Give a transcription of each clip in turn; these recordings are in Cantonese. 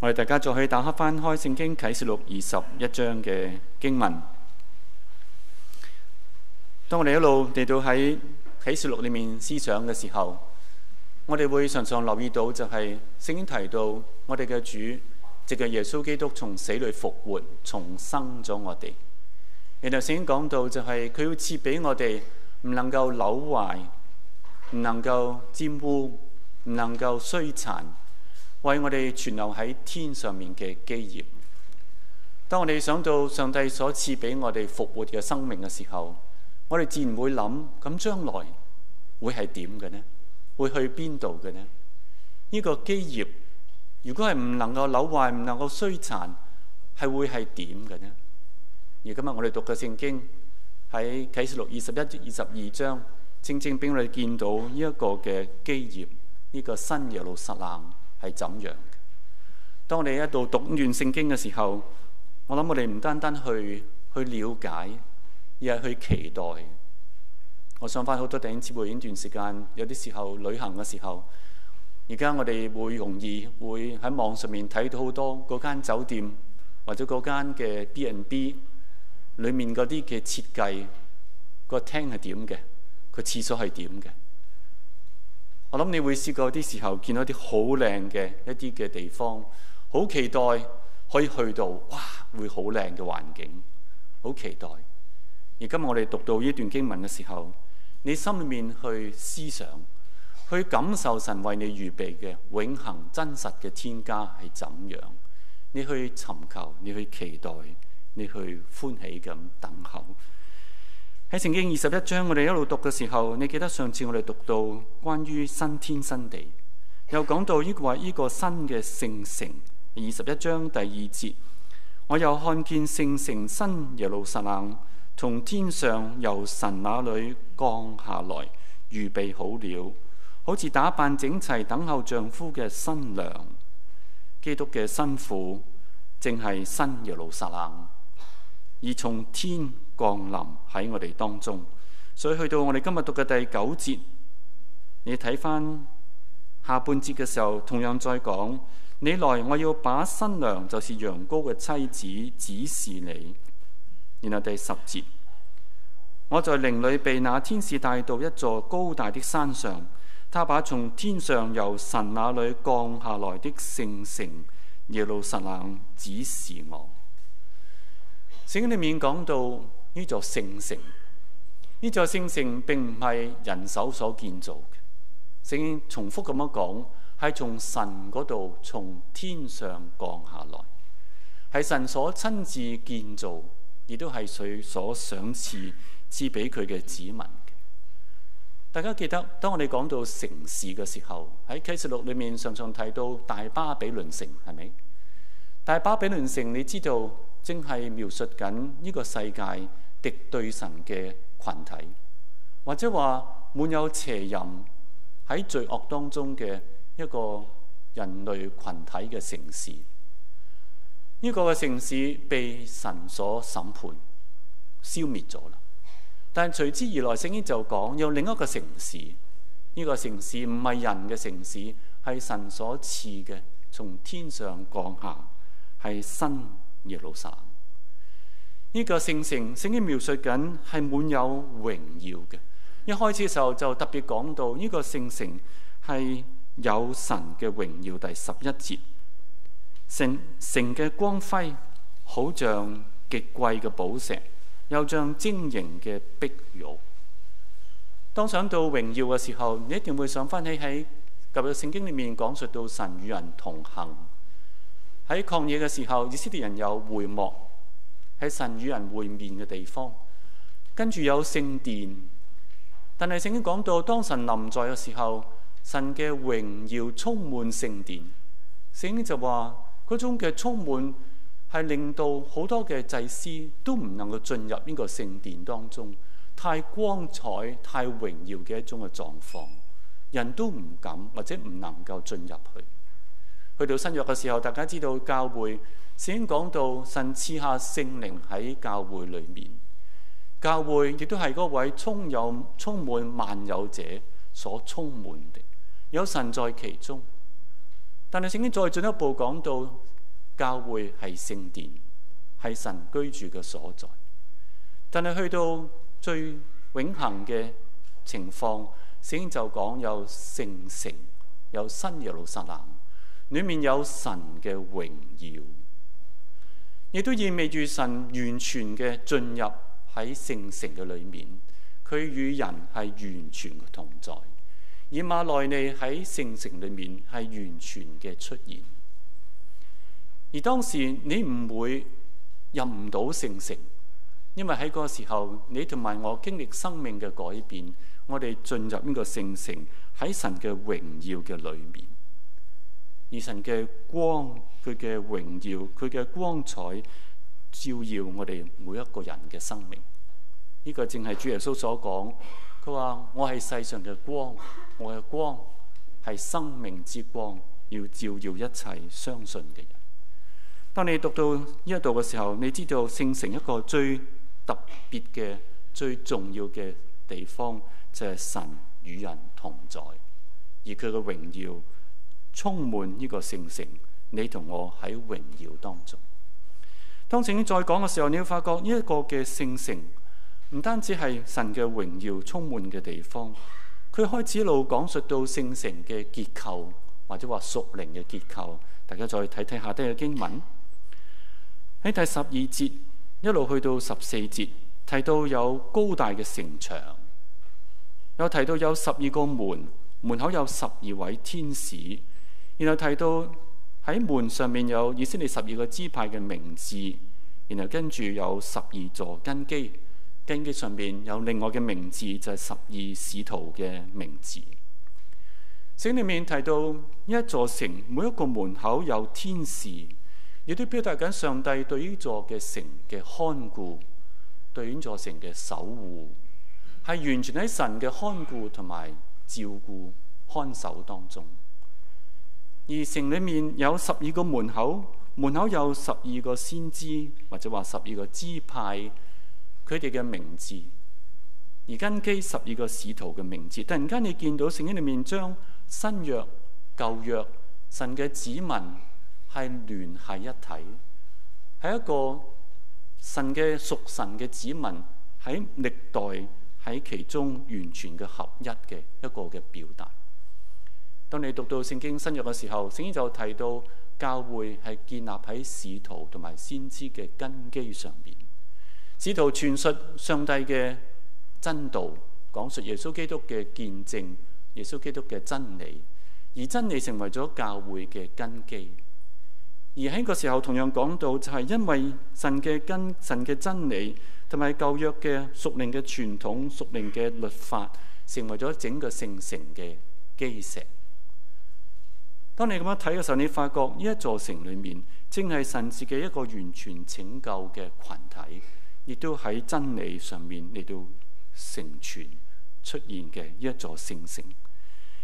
我哋大家再去打開翻開《聖經啟示錄》二十一章嘅經文。當我哋一路地到喺啟示錄裏面思想嘅時候，我哋會常常留意到，就係聖經提到我哋嘅主，藉着耶穌基督從死裏復活，重生咗我哋。然後聖經講到就係、是、佢要賜俾我哋，唔能夠朽壞，唔能夠玷污，唔能夠衰殘，為我哋存留喺天上面嘅基業。當我哋想到上帝所賜俾我哋復活嘅生命嘅時候，我哋自然會諗：咁將來會係點嘅呢？會去邊度嘅呢？呢個基業如果係唔能夠朽壞、唔能夠衰殘，係會係點嘅呢？而今日我哋讀嘅聖經喺啟示錄二十一至二十二章，正正俾我哋見到呢一個嘅基業，呢個新耶路撒冷。係怎樣？當我哋喺度讀完聖經嘅時候，我諗我哋唔單單去去了解，而係去期待。我想翻好多頂尖主播，呢段時間有啲時候旅行嘅時候，而家我哋會容易會喺網上面睇到好多嗰間酒店或者嗰間嘅 B＆B 裏面嗰啲嘅設計，個廳係點嘅，個廁所係點嘅。我諗你會試過啲時候見到啲好靚嘅一啲嘅地方，好期待可以去到，哇！會好靚嘅環境，好期待。而今日我哋讀到呢段經文嘅時候，你心裏面去思想，去感受神為你預備嘅永恒真實嘅天家係怎樣？你去尋求，你去期待，你去歡喜咁等候。喺聖經二十一章，我哋一路讀嘅時候，你記得上次我哋讀到關於新天新地，又講到呢個或呢個新嘅聖城。二十一章第二節，我又看見聖城新耶路撒冷從天上由神那裏降下來，預備好了，好似打扮整齊等候丈夫嘅新娘。基督嘅新婦，正係新耶路撒冷，而從天。降臨喺我哋當中，所以去到我哋今日讀嘅第九節，你睇翻下半節嘅時候，同樣再講，你來，我要把新娘，就是羊羔嘅妻子指示你。然後第十節，我在靈裏被那天使帶到一座高大的山上，他把從天上由神那裏降下來的聖城耶路撒冷指示我。聖經裏面講到。呢座聖城，城，呢座聖城，城並唔係人手所建造嘅。聖經重複咁樣講，係從神嗰度，從天上降下來，係神所親自建造，亦都係佢所賞賜賜俾佢嘅子民。大家記得，當我哋講到城市嘅時候，喺啟示錄裏面常常提到大巴比倫城，係咪？大巴比倫城，你知道？正係描述緊呢個世界敵對神嘅群體，或者話滿有邪淫喺罪惡當中嘅一個人類群體嘅城市。呢個嘅城市被神所審判消滅咗啦。但係隨之而來，聖經就講有另一個城市。呢個城市唔係人嘅城市，係神所賜嘅，從天上降下，係新。耶路撒冷，呢個聖城，聖經描述緊係滿有榮耀嘅。一開始嘅時候就特別講到，呢個聖城係有神嘅榮耀。第十一節，聖城嘅光輝好像極貴嘅寶石，又像晶瑩嘅碧玉。當想到榮耀嘅時候，你一定會想翻起喺舊約聖經裏面講述到神與人同行，喺曠野嘅時候，以色列人有會幕，喺神與人會面嘅地方。跟住有聖殿，但係聖經講到當神臨在嘅時候，神嘅榮耀充滿聖殿。聖經就話嗰種嘅充滿係令到好多嘅祭司都唔能夠進入呢個聖殿當中，太光彩、太榮耀嘅一種嘅狀況，人都唔敢或者唔能夠進入去。去到新約嘅時候，大家知道教會，聖經講到神賜下聖靈喺教會裏面，教會亦都係嗰位充有、充滿萬有者所充滿的，有神在其中。但係聖經再進一步講到教會係聖殿，係神居住嘅所在。但係去到最永恒嘅情況，聖經就講有聖城，有新耶路撒冷。裏面有神嘅榮耀，亦都意味住神完全嘅進入喺聖城嘅裏面。佢與人係完全同在，以馬內利喺聖城裏面係完全嘅出現。而當時你唔會入唔到聖城，因為喺嗰個時候你同埋我經歷生命嘅改變，我哋進入呢個聖城喺神嘅榮耀嘅裏面。而神嘅光，佢嘅榮耀，佢嘅光彩照耀我哋每一個人嘅生命。呢個正係主耶穌所講，佢話我係世上嘅光，我嘅光係生命之光，要照耀一切相信嘅人。當你讀到呢一度嘅時候，你知道聖城一個最特別嘅、最重要嘅地方就係神與人同在，而佢嘅榮耀。充滿呢個聖城，你同我喺榮耀當中。當聖經再講嘅時候，你要發覺呢一個嘅聖城唔單止係神嘅榮耀充滿嘅地方，佢開始一路講述到聖城嘅結構，或者話屬靈嘅結構。大家再睇睇，下低嘅經文喺第十二節一路去到十四節，提到有高大嘅城牆，又提到有十二個門，門口有十二位天使。然後提到喺門上面有以色列十二個支派嘅名字，然後跟住有十二座根基，根基上面有另外嘅名字，就係十二使徒嘅名字。聖經裏面提到呢一座城，每一個門口有天使，亦都表達緊上帝對呢座嘅城嘅看顧，對呢座城嘅守護，係完全喺神嘅看顧同埋照顧、看守當中。而城裏面有十二個門口，門口有十二個先知，或者話十二個支派，佢哋嘅名字，而根基十二個使徒嘅名字。突然間你見到聖經裏面將新約、舊約、神嘅子民係聯繫一體，係一個神嘅屬神嘅子民喺歷代喺其中完全嘅合一嘅一個嘅表達。當你讀到聖經新約嘅時候，聖經就提到教會係建立喺使徒同埋先知嘅根基上面。使徒傳述上帝嘅真道，講述耶穌基督嘅見證，耶穌基督嘅真理，而真理成為咗教會嘅根基。而喺個時候，同樣講到就係因為神嘅根、神嘅真理同埋舊約嘅屬靈嘅傳統、屬靈嘅律法，成為咗整個聖城嘅基石。當你咁樣睇嘅時候，你發覺呢一座城裡面，正係神嘅一個完全拯救嘅群體，亦都喺真理上面嚟到成全出現嘅呢一座聖城。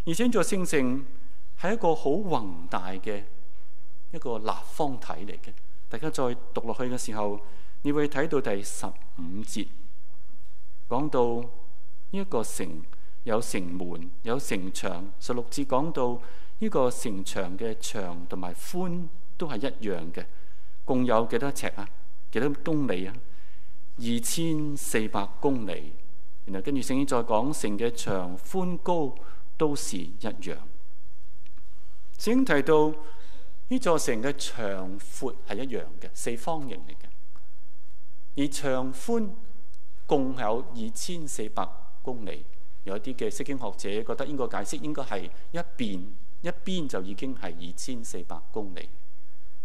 而且呢座聖城係一個好宏大嘅一個立方體嚟嘅。大家再讀落去嘅時候，你會睇到第十五節講到呢一個城有城門，有城牆。十六節講到。呢個城牆嘅長同埋寬都係一樣嘅，共有幾多尺啊？幾多公里啊？二千四百公里。然後跟住聖經再講城嘅長、寬、高都是一樣。聖經提到呢座城嘅長闊係一樣嘅，四方形嚟嘅，而長寬共有二千四百公里。有啲嘅釋經學者覺得應該解釋應該係一邊。一邊就已經係二千四百公里，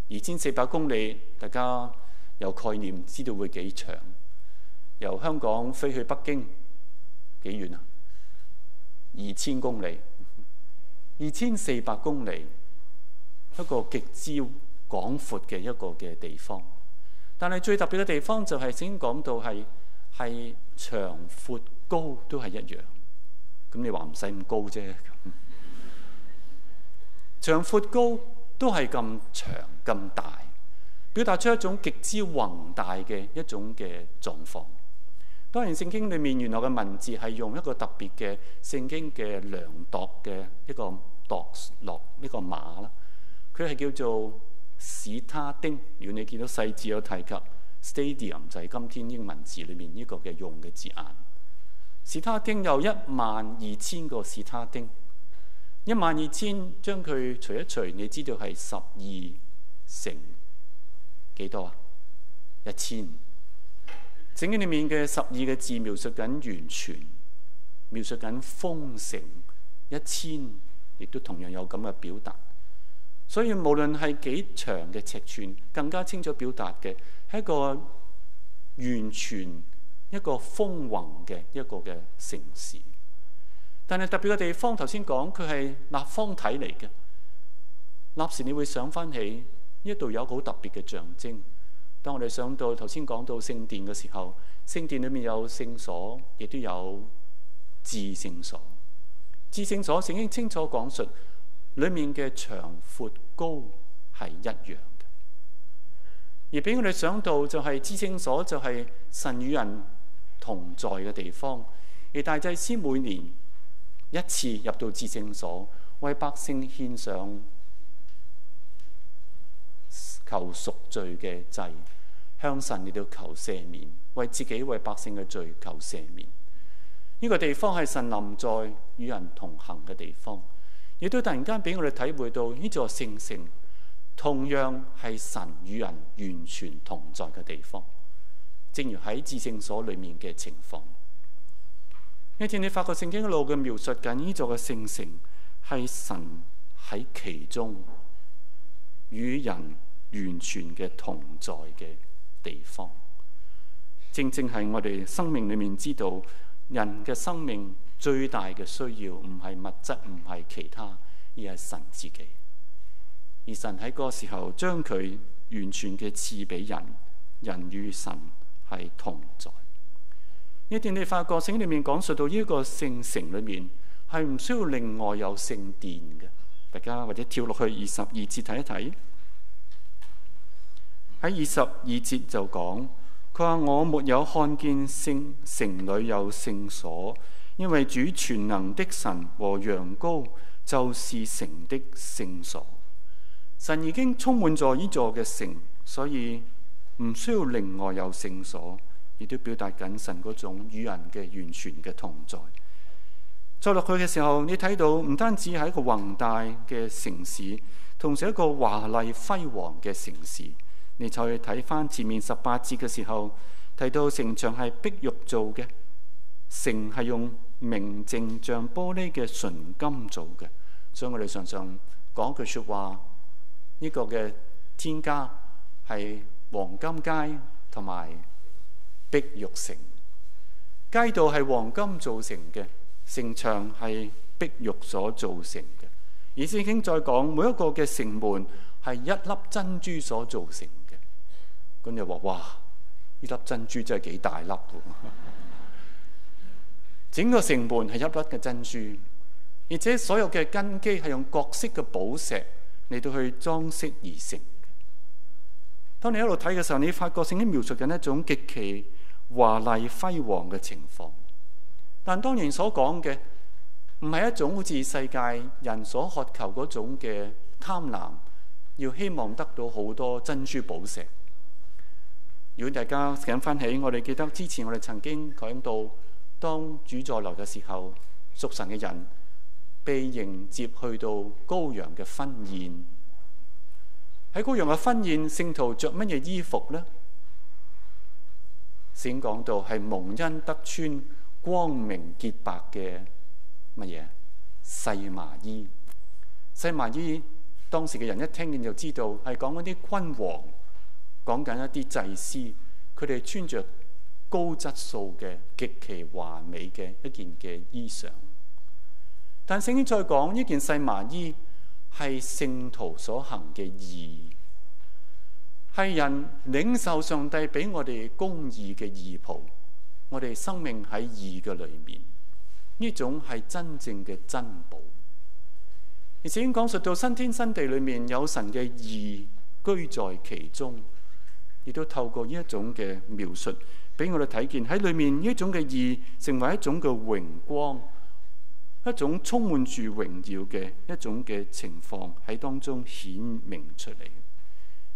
二千四百公里，大家有概念，知道會幾長？由香港飛去北京幾遠啊？二千公里，二千四百公里，一個極之廣闊嘅一個嘅地方。但係最特別嘅地方就係先講到係係長、闊、高都係一樣。咁你話唔使咁高啫？ 長闊高都係咁長咁大，表達出一種極之宏大嘅一種嘅狀況。當然聖經裏面原來嘅文字係用一個特別嘅聖經嘅量度嘅一個度落呢個馬啦。佢係叫做史他丁。如果你見到細字有提及 Stadium，就係今天英文字裏面呢個嘅用嘅字眼。史他丁有一萬二千個史他丁。12, 000, 隨一萬二千，將佢除一除，你知道係十二乘幾多啊？一千。聖經裏面嘅十二嘅字描述緊完全，描述緊豐盛一千，1, 000, 亦都同樣有咁嘅表達。所以無論係幾長嘅尺寸，更加清楚表達嘅係一個完全一個豐宏嘅一個嘅城市。但係特別嘅地方，頭先講佢係立方體嚟嘅。立時你會想翻起呢度有個好特別嘅象徵。當我哋想到頭先講到聖殿嘅時候，聖殿裡面有聖所，亦都有至聖所。至聖所曾經清楚講述裡面嘅長、闊、高係一樣嘅。而俾我哋想到就係至聖所就係、是、神與人同在嘅地方。而大祭司每年一次入到至聖所，為百姓獻上求贖罪嘅祭，向神嚟到求赦免，為自己、為百姓嘅罪求赦免。呢、這個地方係神臨在與人同行嘅地方，亦都突然間俾我哋體會到呢座聖城同樣係神與人完全同在嘅地方，正如喺至聖所裏面嘅情況。你見你發覺聖經路嘅描述緊呢座嘅聖城，係神喺其中與人完全嘅同在嘅地方，正正係我哋生命裏面知道人嘅生命最大嘅需要唔係物質唔係其他，而係神自己。而神喺嗰個時候將佢完全嘅賜俾人，人與神係同在。你哋你發覺聖經裏面講述到呢一個聖城裏面係唔需要另外有聖殿嘅，大家或者跳落去二十二節睇一睇。喺二十二節就講，佢話我沒有看見聖城裏有聖所，因為主全能的神和羊羔就是城的聖所。神已經充滿咗呢座嘅城，所以唔需要另外有聖所。亦都表達緊神嗰種與人嘅完全嘅同在，再落去嘅時候，你睇到唔單止係一個宏大嘅城市，同時一個華麗輝煌嘅城市。你再睇翻前面十八節嘅時候，提到城牆係碧玉做嘅，城係用明淨像玻璃嘅純金做嘅。所以我哋常常講句説話：呢、這個嘅天家係黃金街同埋碧玉城，街道係黃金造成嘅，城牆係碧玉所造成嘅。而聖經再講，每一個嘅城門係一粒珍珠所造成嘅。咁你話哇，呢粒珍珠真係幾大粒㗎？ 整個城門係一粒嘅珍珠，而且所有嘅根基係用各式嘅寶石嚟到去裝飾而成。當你喺度睇嘅時候，你發覺聖經描述緊一種極其……華麗輝煌嘅情況，但當然所講嘅唔係一種好似世界人所渴求嗰種嘅貪婪，要希望得到好多珍珠寶石。如果大家醒翻起，我哋記得之前我哋曾經講到，當主再嚟嘅時候，屬神嘅人被迎接去到羔羊嘅婚宴。喺羔羊嘅婚宴，聖徒着乜嘢衣服呢？先講到係蒙恩得穿光明潔白嘅乜嘢細麻衣，細麻衣當時嘅人一聽見就知道係講嗰啲君王，講緊一啲祭司，佢哋穿着高質素嘅極其華美嘅一件嘅衣裳。但聖經再講呢件細麻衣係聖徒所行嘅義。係人領受上帝俾我哋公義嘅義袍，我哋生命喺義嘅裏面，呢種係真正嘅珍寶。而且已經講述到新天新地裏面有神嘅義居在其中，亦都透過呢一種嘅描述，俾我哋睇見喺裏面呢種嘅義成為一種嘅榮光，一種充滿住榮耀嘅一種嘅情況喺當中顯明出嚟。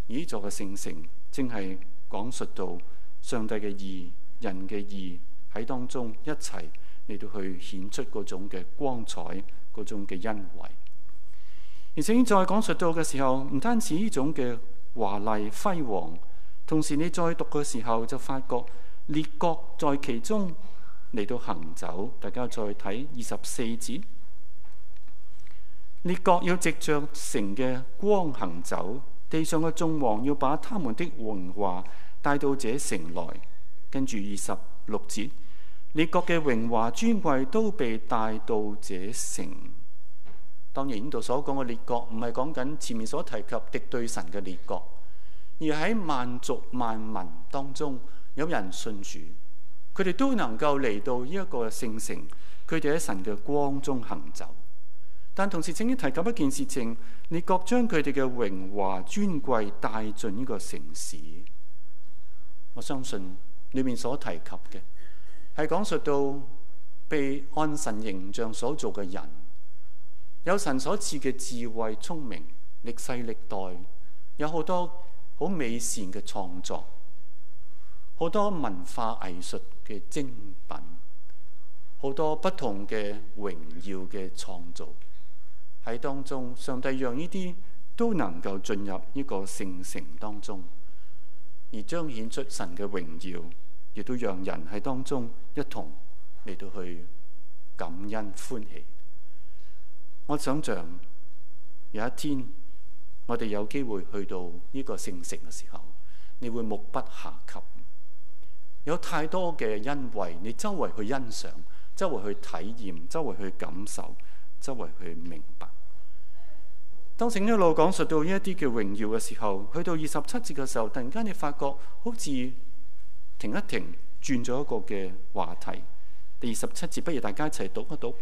呢座嘅聖城正係講述到上帝嘅義、人嘅義喺當中一齊嚟到去顯出嗰種嘅光彩、嗰種嘅恩惠。而且在講述到嘅時候，唔單止呢種嘅華麗輝煌，同時你再讀嘅時候就發覺列國在其中嚟到行走。大家再睇二十四節，列國要藉着城嘅光行走。地上嘅眾王要把他們的榮華帶到這城來。跟住二十六節，列國嘅榮華尊貴都被帶到這城。當然呢度所講嘅列國唔係講緊前面所提及敵對神嘅列國，而喺萬族萬民當中有人信主，佢哋都能夠嚟到呢一個聖城，佢哋喺神嘅光中行走。但同時，請你提及一件事情，你各將佢哋嘅榮華尊貴帶進呢個城市，我相信裏面所提及嘅係講述到被按神形象所做嘅人，有神所賜嘅智慧、聰明、歷世歷代，有好多好美善嘅創作，好多文化藝術嘅精品，好多不同嘅榮耀嘅創造。喺當中，上帝讓呢啲都能夠進入呢個聖城當中，而彰顯出神嘅榮耀，亦都讓人喺當中一同嚟到去感恩歡喜。我想象有一天我哋有機會去到呢個聖城嘅時候，你會目不暇及，有太多嘅因為你周圍去欣賞、周圍去體驗、周圍去感受、周圍去明白。當前一路講述到呢啲叫榮耀嘅時候，去到二十七節嘅時候，突然間你發覺好似停一停，轉咗一個嘅話題。第二十七節，不如大家一齊讀一讀。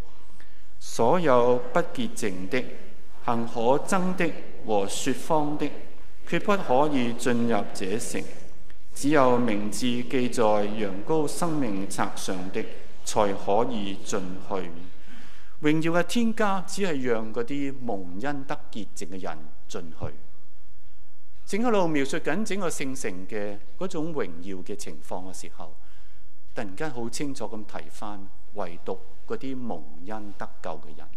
所有不潔淨的、行可憎的和説謊的，決不可以進入這城。只有名字記在羊羔生命冊上的，才可以進去。榮耀嘅天家只係讓嗰啲蒙恩得潔淨嘅人進去。整一路描述緊整個聖城嘅嗰種榮耀嘅情況嘅時候，突然間好清楚咁提翻，唯獨嗰啲蒙恩得救嘅人，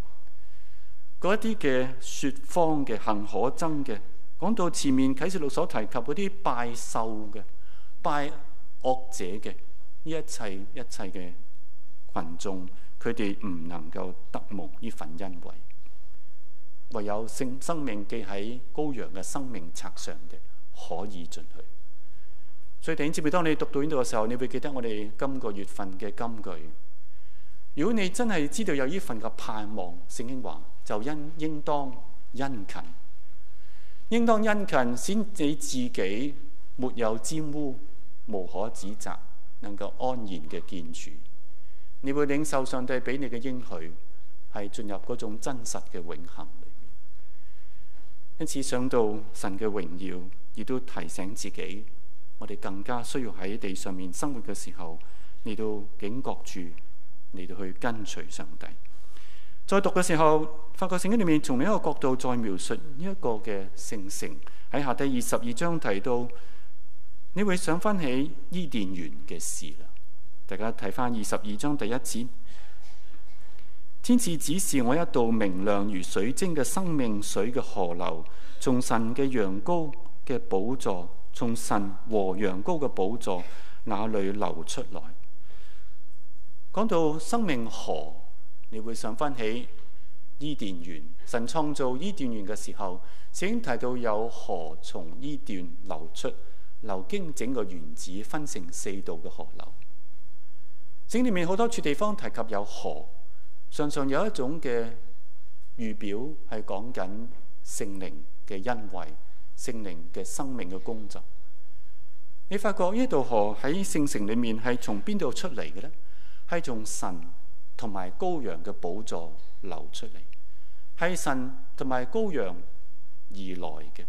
嗰一啲嘅說謊嘅、行可憎嘅，講到前面啟示錄所提及嗰啲拜獸嘅、拜惡者嘅，呢一切一切嘅群眾。佢哋唔能夠得蒙呢份恩惠，唯有聖生命記喺羔羊嘅生命冊上嘅，可以進去。所以點知，當你讀到呢度嘅時候，你會記得我哋今個月份嘅金句。如果你真係知道有呢份嘅盼望，聖經話就應應當殷勤，應當殷勤先至自己沒有沾污，無可指責，能夠安然嘅建樹。你會領受上帝俾你嘅應許，係進入嗰種真實嘅永恆裏面。因此想到神嘅榮耀，亦都提醒自己，我哋更加需要喺地上面生活嘅時候，嚟到警覺住，嚟到去跟隨上帝。再讀嘅時候，發覺聖經裏面從另一個角度再描述呢一個嘅聖城。喺下第二十二章提到，你會想翻起伊甸園嘅事。大家睇翻二十二章第一節，天使指示我一道明亮如水晶嘅生命水嘅河流，從神嘅羊羔嘅寶座，從神和羊羔嘅寶座那裏流出來。講到生命河，你會想翻起伊甸園。神創造伊甸園嘅時候，先提到有河從伊甸流出，流經整個園子，分成四道嘅河流。聖經裏面好多處地方提及有河，常常有一種嘅預表係講緊聖靈嘅恩惠、聖靈嘅生命嘅工作。你發覺呢道河喺聖城裏面係從邊度出嚟嘅呢？係從神同埋羔羊嘅寶座流出嚟，係神同埋羔羊而來嘅。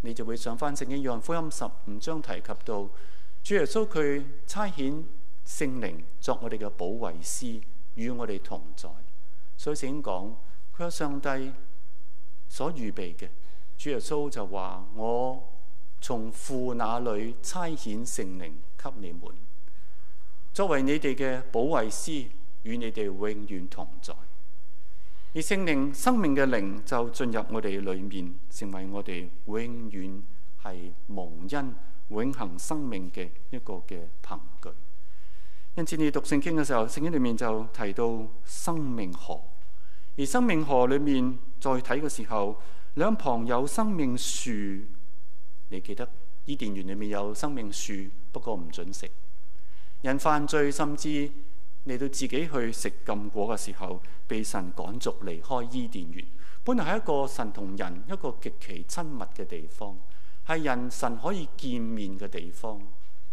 你就會上返《聖經》《約翰福音》十五章提及到主耶穌佢差遣。聖靈作我哋嘅保惠師，與我哋同在。所以聖經講佢係上帝所預備嘅。主耶穌就話：我從父那裏差遣聖靈給你們，作為你哋嘅保惠師，與你哋永遠同在。而聖靈生命嘅靈就進入我哋裏面，成為我哋永遠係蒙恩、永恒生命嘅一個嘅憑據。因此，你讀聖經嘅時候，聖經裏面就提到生命河，而生命河裏面再睇嘅時候，兩旁有生命樹。你記得伊甸園裏面有生命樹，不過唔準食。人犯罪，甚至嚟到自己去食禁果嘅時候，被神趕逐離開伊甸園。本來係一個神同人一個極其親密嘅地方，係人神可以見面嘅地方，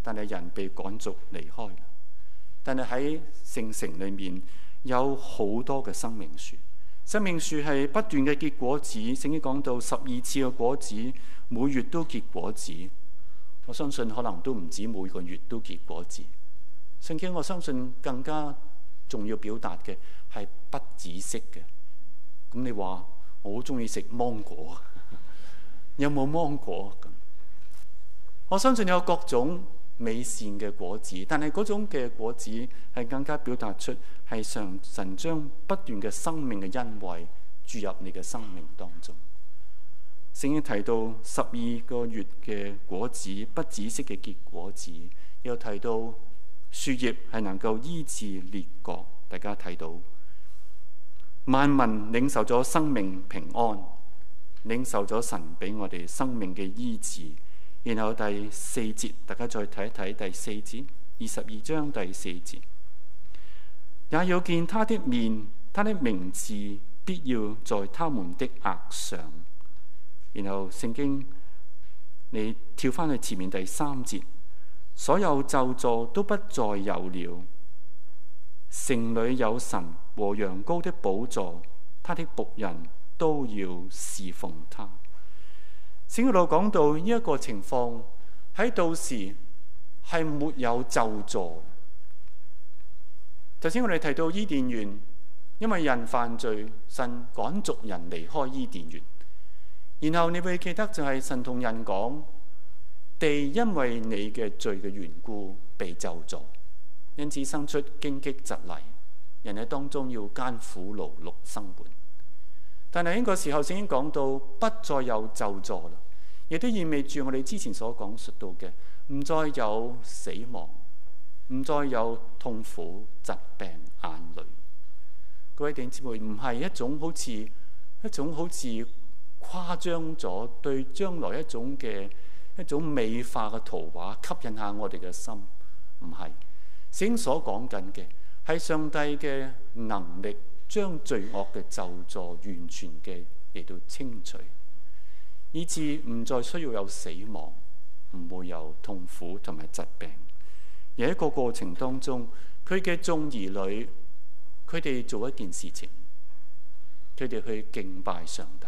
但係人被趕逐離開。但係喺聖城裏面有好多嘅生命樹，生命樹係不斷嘅結果子。聖經講到十二次嘅果子，每月都結果子。我相信可能都唔止每個月都結果子。聖經我相信更加重要表達嘅係不止息嘅。咁你話我好中意食芒果， 有冇芒果？我相信有各種。美善嘅果子，但係嗰種嘅果子係更加表達出係上神將不斷嘅生命嘅恩惠注入你嘅生命當中。聖經提到十二個月嘅果子，不止息嘅結果子，又提到樹葉係能夠醫治列國。大家睇到萬民領受咗生命平安，領受咗神俾我哋生命嘅醫治。然後第四節，大家再睇一睇第四節，二十二章第四節，也要見他的面，他的名字必要在他們的額上。然後聖經，你跳翻去前面第三節，所有咒詛都不再有了。城裏有神和羊羔的寶座，他的僕人都要侍奉他。先嗰度講到呢一個情況，喺到時係沒有咒詛。頭先我哋提到伊甸園，因為人犯罪，神趕逐人離開伊甸園。然後你會記得就係神同人講：地因為你嘅罪嘅緣故被咒詛，因此生出荊棘蒺藜，人喺當中要艱苦勞碌生活。」但係呢個時候，聖經講到不再有咒詛」，啦，亦都意味住我哋之前所講述到嘅，唔再有死亡，唔再有痛苦、疾病、眼淚。各位弟兄姊妹，唔係一種好似一種好似誇張咗對將來一種嘅一種美化嘅圖畫，吸引下我哋嘅心，唔係。聖經所講緊嘅係上帝嘅能力。將罪惡嘅咒詛完全嘅嚟到清除，以至唔再需要有死亡，唔會有痛苦同埋疾病。而一個過程當中，佢嘅眾兒女，佢哋做一件事情，佢哋去敬拜上帝。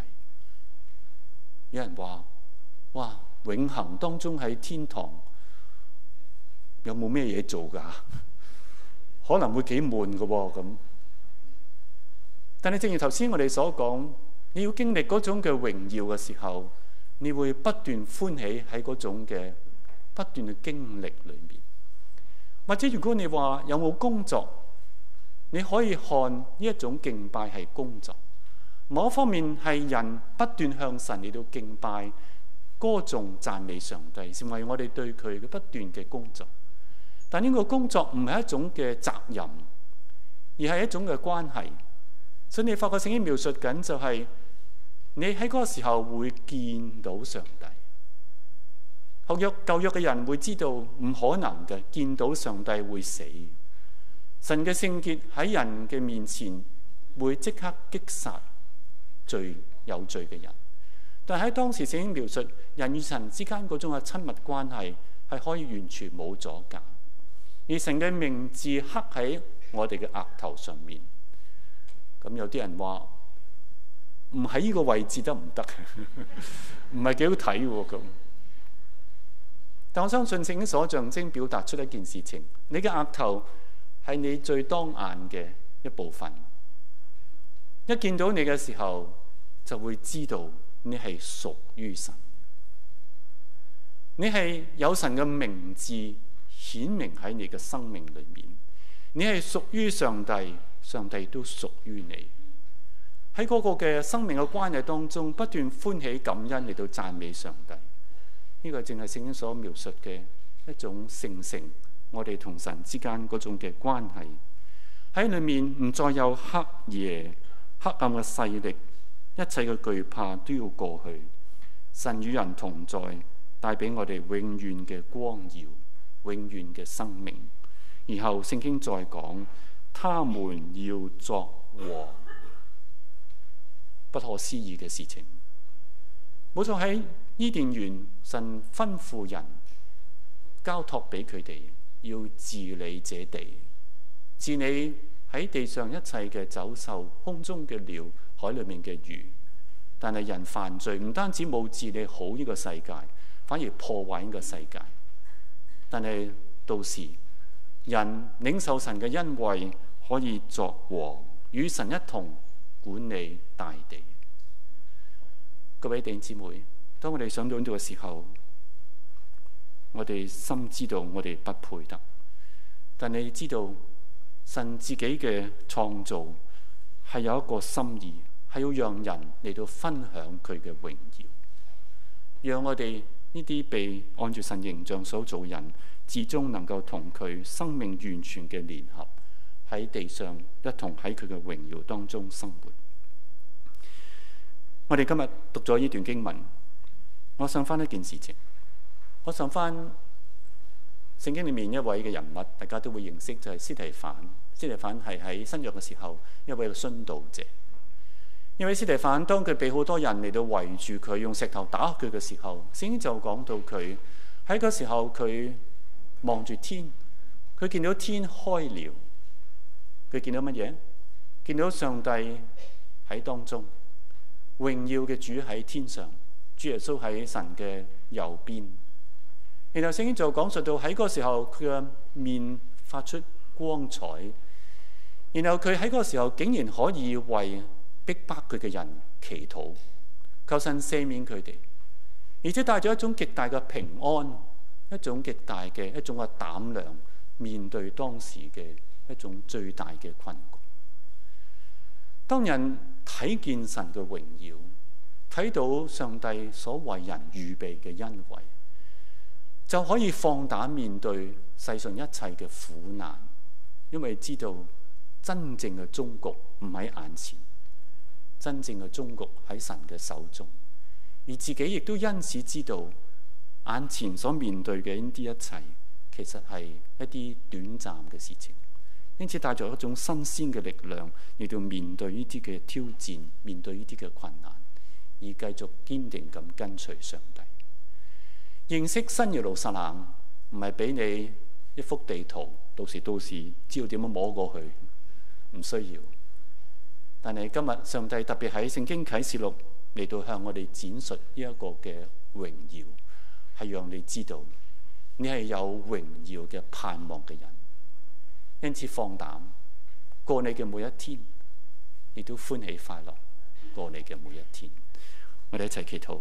有人話：「哇，永恆當中喺天堂有冇咩嘢做噶？ 可能會幾悶噶喎，咁。但係，正如頭先我哋所講，你要經歷嗰種嘅榮耀嘅時候，你會不斷歡喜喺嗰種嘅不斷嘅經歷裏面。或者，如果你話有冇工作，你可以看呢一種敬拜係工作。某一方面係人不斷向神嚟到敬拜、歌頌、讚美上帝，成為我哋對佢嘅不斷嘅工作。但呢個工作唔係一種嘅責任，而係一種嘅關係。所以你發覺聖經描述緊就係你喺嗰個時候會見到上帝。舊約，舊約嘅人會知道唔可能嘅，見到上帝會死。神嘅聖潔喺人嘅面前會即刻擊殺罪，有罪嘅人。但喺當時聖經描述人與神之間嗰種嘅親密關係係可以完全冇阻隔，而神嘅名字刻喺我哋嘅額頭上面。咁、嗯、有啲人話唔喺呢個位置得唔得？唔係幾好睇喎，咁。但我相信聖經所象徵表達出一件事情，你嘅額頭係你最當眼嘅一部分。一見到你嘅時候，就會知道你係屬於神。你係有神嘅名字顯明喺你嘅生命裏面。你係屬於上帝。上帝都屬於你喺嗰個嘅生命嘅關係當中，不斷歡喜感恩嚟到讚美上帝。呢、這個正係聖經所描述嘅一種聖城，我哋同神之間嗰種嘅關係喺裏面唔再有黑夜、黑暗嘅勢力，一切嘅懼怕都要過去。神與人同在，帶俾我哋永遠嘅光耀、永遠嘅生命。然後聖經再講。他們要作和不可思議嘅事情。冇錯，喺伊甸園，神吩咐人交託俾佢哋，要治理這地，治理喺地上一切嘅走獸、空中嘅鳥、海裡面嘅魚。但係人犯罪，唔單止冇治理好呢個世界，反而破壞呢個世界。但係到時人領受神嘅恩惠。可以作王，與神一同管理大地。各位弟兄姊妹，當我哋想到呢度嘅時候，我哋深知道我哋不配得。但你知道神自己嘅創造係有一個心意，係要讓人嚟到分享佢嘅榮耀，讓我哋呢啲被按住神形象所造人，至終能夠同佢生命完全嘅聯合。喺地上一同喺佢嘅榮耀當中生活。我哋今日讀咗呢段經文，我想翻一件事情。我想翻聖經裏面一位嘅人物，大家都會認識，就係司提反。司提反係喺新約嘅時候一位嘅殉道者。因為司提反當佢被好多人嚟到圍住佢，用石頭打佢嘅時候，聖經就講到佢喺嗰時候佢望住天，佢見到天開了。佢見到乜嘢？見到上帝喺當中，榮耀嘅主喺天上，主耶穌喺神嘅右邊。然後聖經就講述到喺嗰個時候，佢嘅面發出光彩。然後佢喺嗰個時候竟然可以為逼迫佢嘅人祈禱，求神赦免佢哋，而且帶咗一種極大嘅平安，一種極大嘅一種嘅膽量面對當時嘅一種最大嘅困局。當人睇見神嘅榮耀，睇到上帝所為人預備嘅恩惠，就可以放膽面對世上一切嘅苦難，因為知道真正嘅終局唔喺眼前，真正嘅終局喺神嘅手中，而自己亦都因此知道眼前所面對嘅呢啲一切，其實係一啲短暫嘅事情。因此，帶着一種新鮮嘅力量，要對面對呢啲嘅挑戰，面對呢啲嘅困難，而繼續堅定咁跟隨上帝。認識新耶路撒冷，唔係俾你一幅地圖，到時到時知道點樣摸過去，唔需要。但係今日上帝特別喺聖經啟示錄嚟到向我哋展述呢一個嘅榮耀，係讓你知道你係有榮耀嘅盼望嘅人。因此放膽過你嘅每一天，亦都歡喜快樂過你嘅每一天。我哋一齊祈禱。